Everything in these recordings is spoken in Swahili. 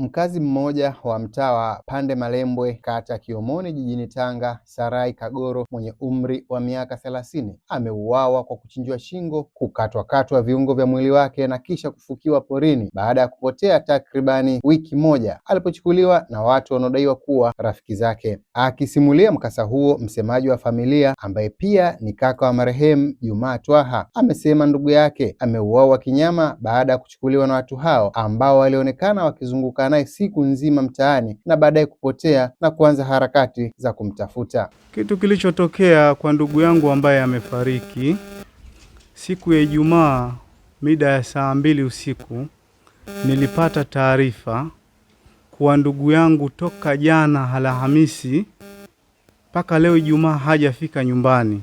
Mkazi mmoja wa mtaa wa Pande Malembwe, kata Kiomoni, jijini Tanga, Sarai Kagoro, mwenye umri wa miaka thelathini, ameuawa kwa kuchinjwa shingo, kukatwakatwa viungo vya mwili wake na kisha kufukiwa porini baada ya kupotea takribani wiki moja, alipochukuliwa na watu wanaodaiwa kuwa rafiki zake. Akisimulia mkasa huo, msemaji wa familia ambaye pia ni kaka wa marehemu Jumaa Twaha amesema ndugu yake ameuawa kinyama baada ya kuchukuliwa na watu hao ambao walionekana wakizunguka kukaa naye siku nzima mtaani na baadaye kupotea na kuanza harakati za kumtafuta. Kitu kilichotokea kwa ndugu yangu ambaye amefariki siku ya Ijumaa mida ya saa mbili usiku nilipata taarifa kuwa ndugu yangu toka jana Alhamisi mpaka leo Ijumaa hajafika nyumbani.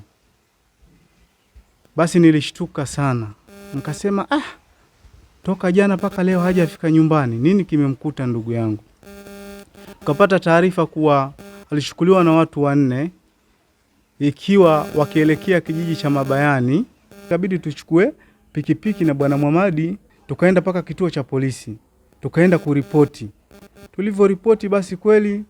Basi nilishtuka sana, nikasema ah Toka jana mpaka leo hajafika nyumbani, nini kimemkuta ndugu yangu? kapata taarifa kuwa alishukuliwa na watu wanne ikiwa wakielekea kijiji cha Mabayani. Ikabidi tuchukue pikipiki na bwana Mwamadi tukaenda mpaka kituo cha polisi, tukaenda kuripoti. Tulivyoripoti basi kweli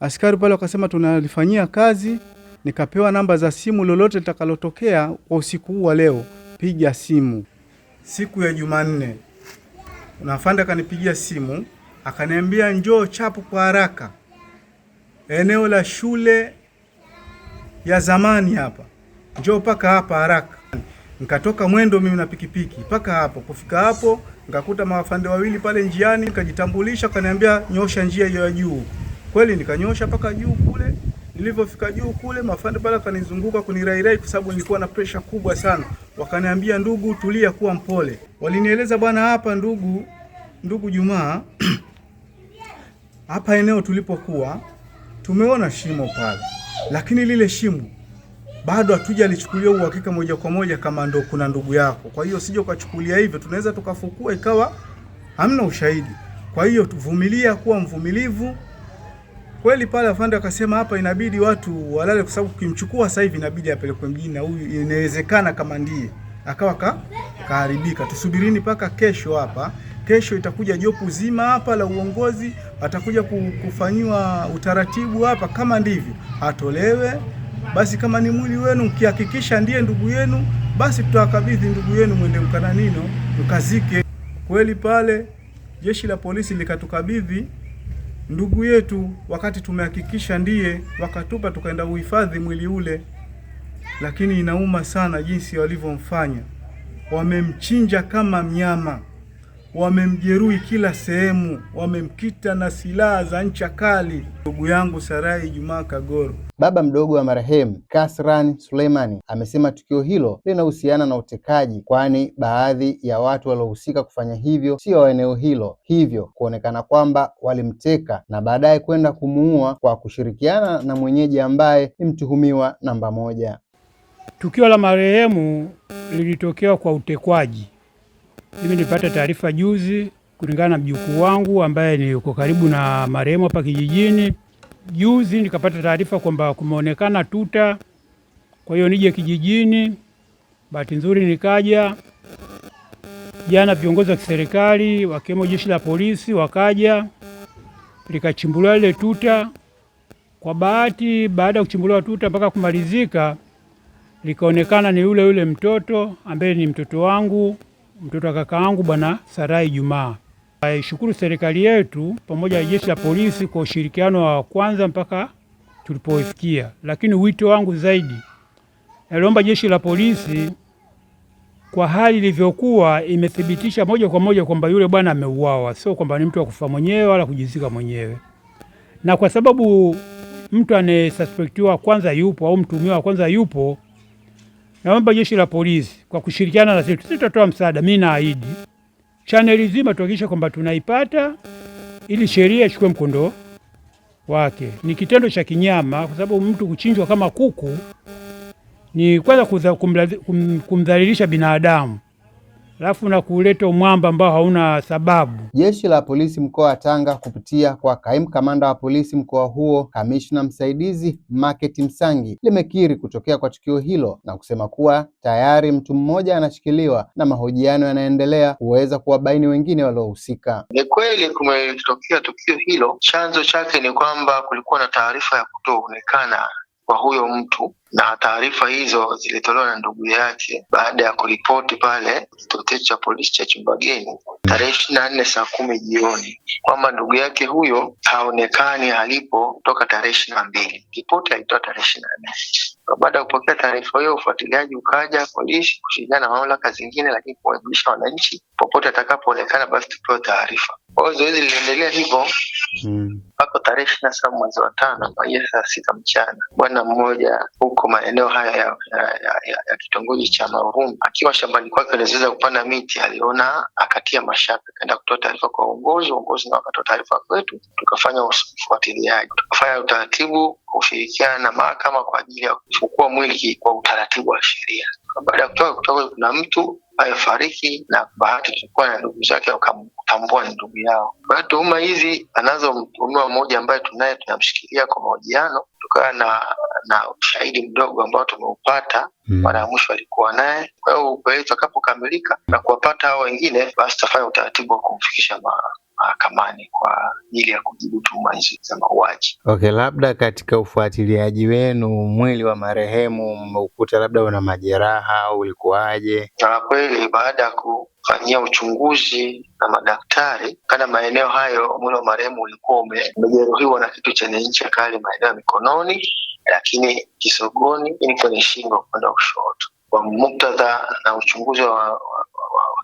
askari pale wakasema tunalifanyia kazi, nikapewa namba za simu, lolote litakalotokea kwa usiku huu wa leo piga simu siku ya Jumanne, nafanda akanipigia simu akaniambia njoo Chapu kwa haraka, eneo la shule ya zamani hapa, njoo paka hapa haraka. Nikatoka mwendo mimi na pikipiki mpaka hapo. Kufika hapo nikakuta mawafande wawili pale njiani, nikajitambulisha, akaniambia nyosha njia hiyo ya juu. Kweli nikanyosha mpaka juu kule. Nilivyofika juu kule, mafande pale akanizunguka kunirairai, kwa sababu nilikuwa na pressure kubwa sana wakaniambia, ndugu tulia, kuwa mpole. Walinieleza bwana, hapa ndugu ndugu Jumaa, hapa eneo tulipokuwa tumeona shimo pale, lakini lile shimo bado hatujalichukulia uhakika moja kwa moja kama ndo kuna ndugu yako. Kwa hiyo sije ukachukulia hivyo, tunaweza tukafukua ikawa hamna ushahidi. Kwa hiyo tuvumilia, kuwa mvumilivu. Kweli pale afande akasema hapa inabidi watu walale kwa sababu kimchukua sasa hivi inabidi apelekwe mjini na huyu inawezekana kama ndiye akawa ka, kaharibika. Tusubirini mpaka kesho hapa. Kesho itakuja jopo zima hapa la uongozi, atakuja kufanyiwa utaratibu hapa, kama ndivyo atolewe basi. Kama ni mwili wenu, mkihakikisha ndiye ndugu yenu, basi tutawakabidhi ndugu yenu, mwende mkananino mkazike. Kweli pale jeshi la polisi likatukabidhi ndugu yetu, wakati tumehakikisha ndiye wakatupa tukaenda uhifadhi mwili ule, lakini inauma sana jinsi walivyomfanya, wamemchinja kama mnyama wamemjeruhi kila sehemu, wamemkita na silaha za ncha kali. Ndugu yangu Sarai Jumaa Kagoro, baba mdogo wa marehemu Kasran Suleimani, amesema tukio hilo linahusiana na utekaji, kwani baadhi ya watu waliohusika kufanya hivyo sio wa eneo hilo, hivyo kuonekana kwamba walimteka na baadaye kwenda kumuua kwa kushirikiana na mwenyeji ambaye ni mtuhumiwa namba moja. Tukio la marehemu lilitokea kwa utekwaji mimi nilipata taarifa juzi kulingana na mjukuu wangu ambaye ni uko karibu na marehemu hapa kijijini. Juzi nikapata taarifa kwamba kumeonekana tuta, kwa hiyo nije kijijini. Bahati nzuri nikaja jana, viongozi wa kiserikali wakiwemo jeshi la polisi wakaja, likachimbuliwa ile tuta. Kwa bahati, baada ya kuchimbuliwa tuta mpaka kumalizika, likaonekana ni yule yule mtoto ambaye ni mtoto wangu mtoto wa kakaangu Bwana Sarai Jumaa. Aishukuru serikali yetu pamoja na jeshi la polisi kwa ushirikiano wa kwanza mpaka tulipofikia, lakini wito wangu zaidi, naliomba jeshi la polisi kwa hali ilivyokuwa imethibitisha moja kwa moja kwamba yule bwana ameuawa, sio kwamba ni mtu kufa mwenyewe wala kujizika mwenyewe, na kwa sababu mtu anayesuspektiwa kwanza yupo au mtuhumiwa wa kwanza yupo, Naomba jeshi la polisi kwa kushirikiana na sisi, tutatoa msaada, mimi naahidi. Chaneli zima tuhakikishe kwamba tunaipata ili sheria ichukue mkondo wake. Ni kitendo cha kinyama, kwa sababu mtu kuchinjwa kama kuku ni kwanza kumdhalilisha binadamu alafu na kuleta umwamba ambao hauna sababu. Jeshi la polisi mkoa wa Tanga kupitia kwa kaimu kamanda wa polisi mkoa huo kamishna msaidizi Maketi Msangi limekiri kutokea kwa tukio hilo na kusema kuwa tayari mtu mmoja anashikiliwa na mahojiano yanaendelea kuweza kuwabaini wengine waliohusika. Ni kweli kumetokea tukio hilo, chanzo chake ni kwamba kulikuwa na taarifa ya kutoonekana kwa huyo mtu na taarifa hizo zilitolewa na ndugu yake baada ya kuripoti pale kituo cha polisi cha Chumbageni tarehe ishirini na nne saa kumi jioni kwamba ndugu yake huyo haonekani alipo toka tarehe ishirini na mbili. Ripoti alitoa tarehe ishirini na nne. Baada ya kupokea taarifa hiyo, ufuatiliaji ukaja polisi kushirikiana na mamlaka zingine, lakini kuwajulisha wananchi popote atakapoonekana basi tupewe taarifa. Kwa hiyo zoezi liliendelea hivyo hmm. mpaka mm, tarehe ishirini na saba mwezi wa tano majira saa sita mchana bwana mmoja huko huko maeneo haya ya, ya, ya, ya, ya kitongoji cha Mavumo. Akiwa shambani kwake aliweza kupanda miti, aliona akatia mashaka, akaenda kutoa taarifa kwa uongozi. Uongozi na akatoa taarifa kwetu, tukafanya ufuatiliaji, tukafanya utaratibu kushirikiana na mahakama kwa ajili ya kuchukua mwili kwa utaratibu wa sheria. Baada ya kutoka kutoka, kuna mtu alifariki na bahati tulikuwa na ndugu zake wakamtambua ni ndugu yao. Kwa hiyo tuhuma hizi anazo mtuhumiwa mmoja ambaye tunaye tunamshikilia kwa mahojiano, tukawa na na ushahidi mdogo ambao tumeupata hmm. mara ya mwisho alikuwa naye. Kwa hiyo upelelezi utakapokamilika na kuwapata hao wengine, basi tutafanya utaratibu wa kumfikisha mahakamani kwa ajili ya kujibu tuhuma hizi za mauaji. Okay, labda katika ufuatiliaji wenu mwili wa marehemu mmeukuta labda una majeraha au ulikuwaje? Na kweli baada ya kufanyia uchunguzi na madaktari kana maeneo hayo, mwili wa marehemu ulikuwa umejeruhiwa na kitu chenye ncha kali maeneo ya mikononi lakini kisogoni ni kwenye shingo upande wa kushoto. Kwa muktadha na uchunguzi wa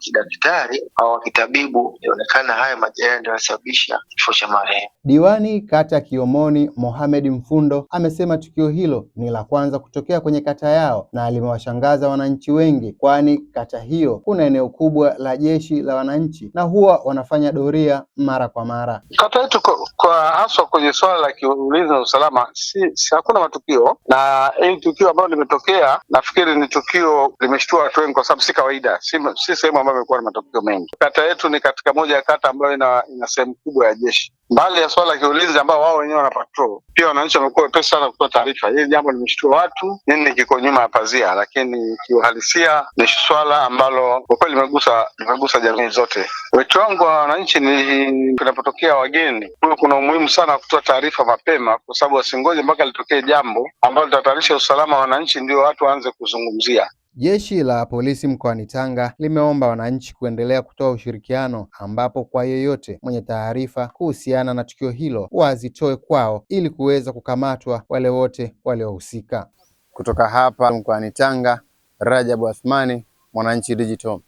kidaktari au kitabibu, ilionekana haya majeraha ndio yanasababisha kifo cha marehemu. Diwani kata ya Kiomoni Mohamed Mfundo amesema tukio hilo ni la kwanza kutokea kwenye kata yao na limewashangaza wananchi wengi, kwani kata hiyo kuna eneo kubwa la jeshi la wananchi na huwa wanafanya doria mara kwa mara. Kata yetu kwa haswa kwenye swala la kiulinzi na usalama si, si hakuna matukio, na hili tukio ambalo limetokea nafikiri ni tukio limeshtua watu wengi, kwa sababu si kawaida, si, si sehemu hapa amekuwa na matokeo mengi. Kata yetu ni katika moja ya kata ambayo ina, ina sehemu kubwa ya jeshi. Mbali ya swala la kiulinzi ambao wao wenyewe wana patrol, pia wananchi wamekuwa wepesi sana kutoa taarifa. Hili jambo limeshtua watu, nini kiko nyuma ya pazia, lakini kiuhalisia ni swala ambalo kwa kweli limegusa limegusa jamii zote. Wito wangu wa wananchi ni kunapotokea wageni, huyo kuna umuhimu sana wa kutoa taarifa mapema, kwa sababu wasingoje mpaka litokee jambo ambalo litahatarisha usalama wa wananchi, ndio watu waanze kuzungumzia. Jeshi la polisi mkoani Tanga limeomba wananchi kuendelea kutoa ushirikiano, ambapo kwa yeyote mwenye taarifa kuhusiana na tukio hilo wazitoe kwao ili kuweza kukamatwa wale wote waliohusika. Kutoka hapa mkoani Tanga, Rajabu Athmani, Mwananchi Digital.